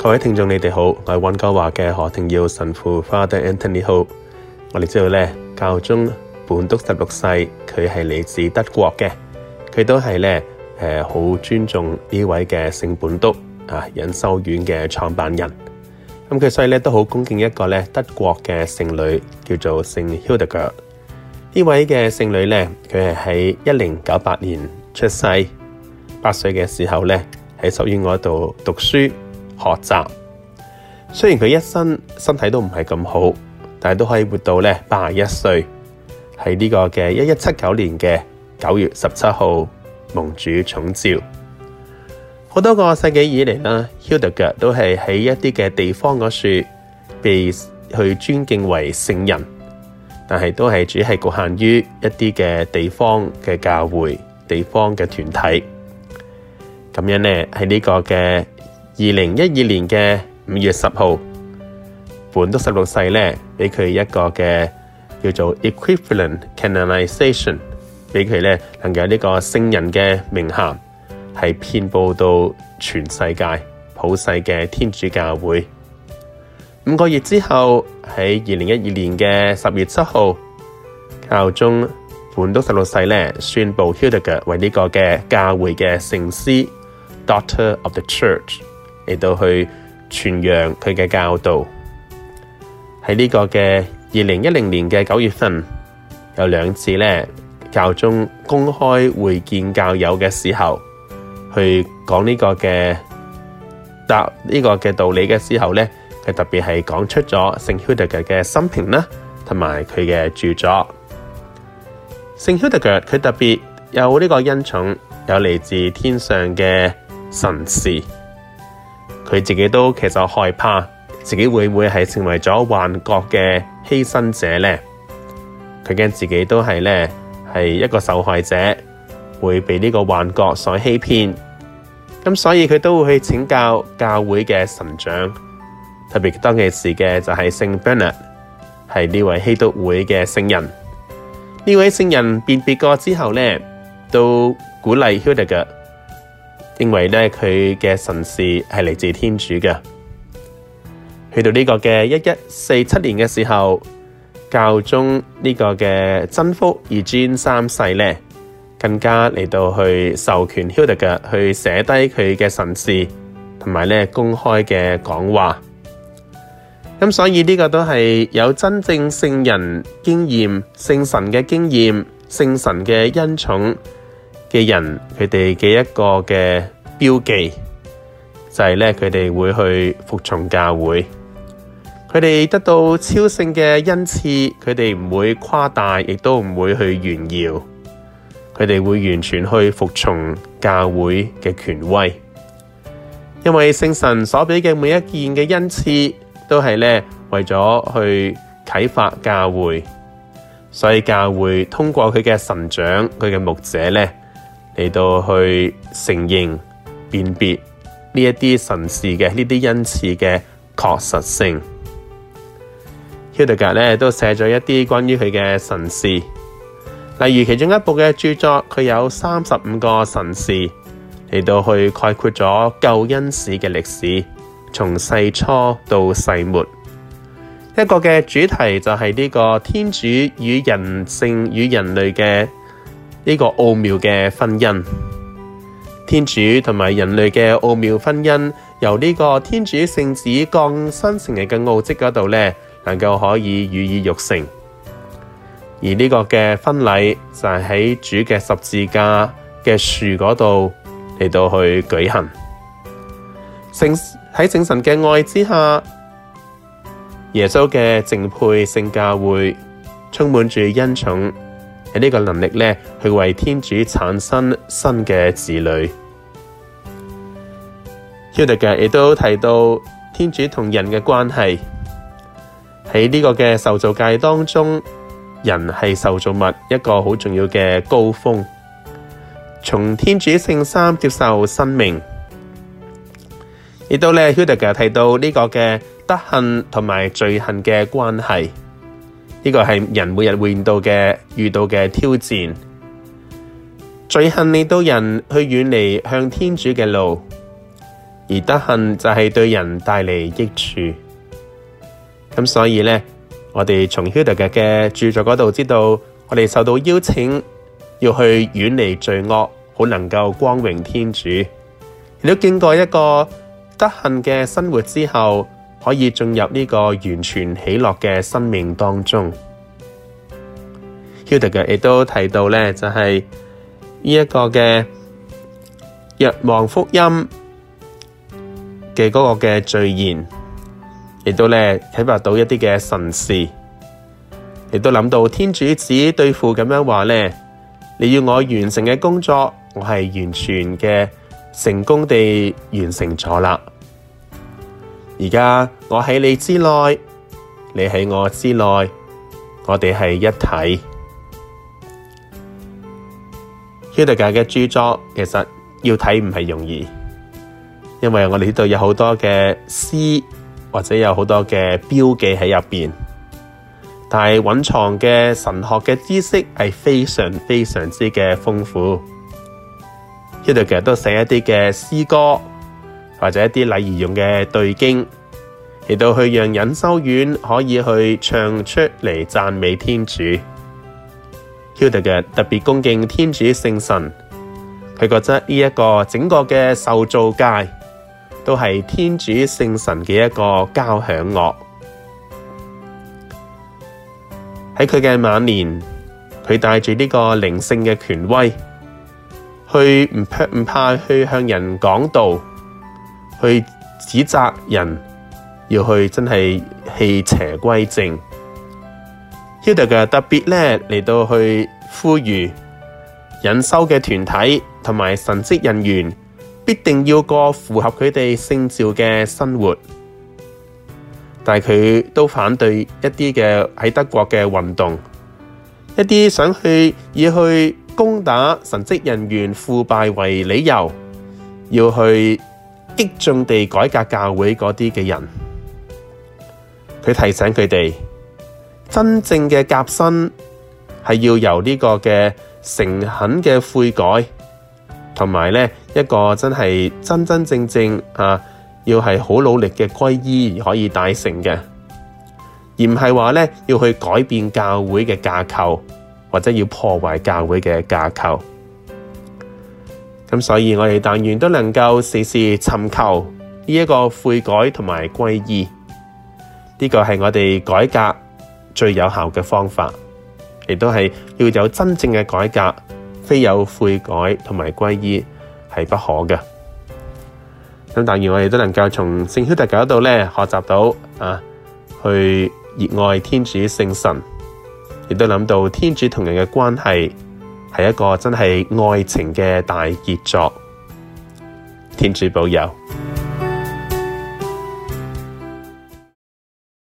各位聽眾，你哋好，我係溫哥華嘅何庭耀神父 Father Anthony Ho。好，我哋知道呢，教宗本篤十六世佢係嚟自德國嘅，佢都係呢誒，好、呃、尊重呢位嘅聖本篤，啊，隱修院嘅創辦人。咁、嗯、佢所以呢都好恭敬一個呢德國嘅聖女，叫做聖 Hildegard。呢位嘅聖女呢，佢係喺一零九八年出世，八歲嘅時候呢喺修院嗰度讀書。學習。雖然佢一生身體都唔係咁好，但係都可以活到咧八十一歲。喺呢個嘅一一七九年嘅九月十七號，蒙主寵照。好多個世紀以嚟啦，休德 d 都係喺一啲嘅地方嘅樹被去尊敬為聖人，但係都係主要係局限於一啲嘅地方嘅教會、地方嘅團體。咁樣咧，喺呢個嘅。二零一二年嘅五月十號，本督十六世呢俾佢一個嘅叫做 equivalent canonisation，俾佢呢能夠呢個聖人嘅名銜，係遍布到全世界普世嘅天主教會。五個月之後，喺二零一二年嘅十月七號，教宗本督十六世呢宣布 Hildegar d e 為呢個嘅教會嘅聖師 Daughter of the Church。嚟到去傳揚佢嘅教導，喺呢個嘅二零一零年嘅九月份，有兩次咧教宗公開會見教友嘅時候，去講呢個嘅答呢、這個嘅道理嘅時候咧，佢特別係講出咗聖希德嘉嘅生平啦，同埋佢嘅著作。聖希德嘉佢特別有呢個恩寵，有嚟自天上嘅神視。佢自己都其實害怕，自己會唔會係成為咗幻覺嘅犧牲者咧？佢驚自己都係咧係一個受害者，會被呢個幻覺所欺騙。咁所以佢都會去請教教會嘅神長，特別當其時嘅就係聖 Bernard，係呢位熙篤會嘅聖人。呢位聖人辨別過之後咧，都鼓勵 Hildegard。認為咧佢嘅神示係嚟自天主嘅。去到呢個嘅一一四七年嘅時候，教宗呢個嘅真福恩仁三世咧，更加嚟到去授權希德嘉去寫低佢嘅神示，同埋咧公開嘅講話。咁所以呢個都係有真正聖人經驗、聖神嘅經驗、聖神嘅恩寵嘅人，佢哋嘅一個嘅標記就係咧，佢哋會去服從教會，佢哋得到超性嘅恩賜，佢哋唔會誇大，亦都唔會去炫耀。佢哋會完全去服從教會嘅權威，因為聖神所俾嘅每一件嘅恩賜都係咧，為咗去啟發教會，所以教會通過佢嘅神長，佢嘅牧者咧。嚟到去承認、辨別呢啲神事嘅呢啲恩賜嘅確實性。希德嘉呢都寫咗一啲關於佢嘅神事，例如其中一部嘅著作，佢有三十五個神事嚟到去概括咗救恩史嘅歷史，從世初到世末。一個嘅主題就係呢個天主與人性與人類嘅。呢個奧妙嘅婚姻，天主同埋人類嘅奧妙婚姻，由呢個天主聖子降生成人嘅奧迹嗰度呢，能夠可以予以育成。而呢個嘅婚禮就係喺主嘅十字架嘅樹嗰度嚟到去舉行，聖喺聖神嘅愛之下，耶穌嘅淨配聖教會充滿住恩寵。喺呢個能力咧，去為天主產生新嘅子女。Hildegard 亦都提到天主同人嘅關係，喺呢個嘅受造界當中，人係受造物一個好重要嘅高峰。從天主聖三接受生命，亦都咧 Hildegard 提到呢個嘅德行同埋罪行嘅關係。呢個是人每日會遇到的遇到嘅遇到嘅挑戰，惡習令到人去遠離向天主嘅路，而德行就是對人帶嚟益處。咁所以呢，我哋從希德嘉嘅著作嗰度知道，我哋受到邀請要去遠離罪惡，好能夠光榮天主。亦都經過一個德行嘅生活之後。可以進入呢個完全喜樂嘅生命當中。希德嘉亦都提到呢，就係呢一個嘅若望福音嘅嗰個嘅序言，亦都呢，啟發到一啲嘅神示，亦都諗到天主子對父咁樣話呢，你要我完成嘅工作，我係完全嘅成功地完成咗啦。而家我喺你之內，你喺我之內，我哋係一體。呢度的嘅著作其實要睇唔係容易，因為我哋呢度有好多嘅詩或者有好多嘅標記喺入面。但係隱藏嘅神學嘅知識係非常非常之嘅豐富。呢度其實都寫一啲嘅詩歌。或者一啲禮儀用嘅對經，嚟到去讓隱修院可以去唱出嚟讚美天主。Hilda 嘅特別恭敬天主聖神，佢覺得呢一個整個嘅受造界都係天主聖神嘅一個交響樂。喺佢嘅晚年，佢帶住呢個靈性嘅權威，去唔怕唔怕去向人講道。去指責人，要去真係棄邪歸正。Hilda 嘅特別咧，嚟到去呼籲隱修嘅團體同埋神職人員必定要過符合佢哋聖召嘅生活。但係佢都反對一啲嘅喺德國嘅運動，一啲想去以去攻打神職人員腐敗為理由要去。激進地改革教會嗰啲嘅人，佢提醒佢哋，真正嘅革新係要由呢個嘅誠懇嘅悔改，同埋咧一個真係真真正正啊，要係好努力嘅皈依而可以大成嘅，而唔係話咧要去改變教會嘅架構，或者要破壞教會嘅架構。咁所以，我哋但願都能夠時時尋求呢一個悔改同埋歸依，呢個是我哋改革最有效嘅方法，亦都係要有真正嘅改革，非有悔改同埋歸依係不可嘅。咁但願我哋都能夠從聖希德嘉度咧學習到啊，去熱愛天主聖神，亦都諗到天主同人嘅關係。係一個真係愛情嘅大傑作，天主保佑。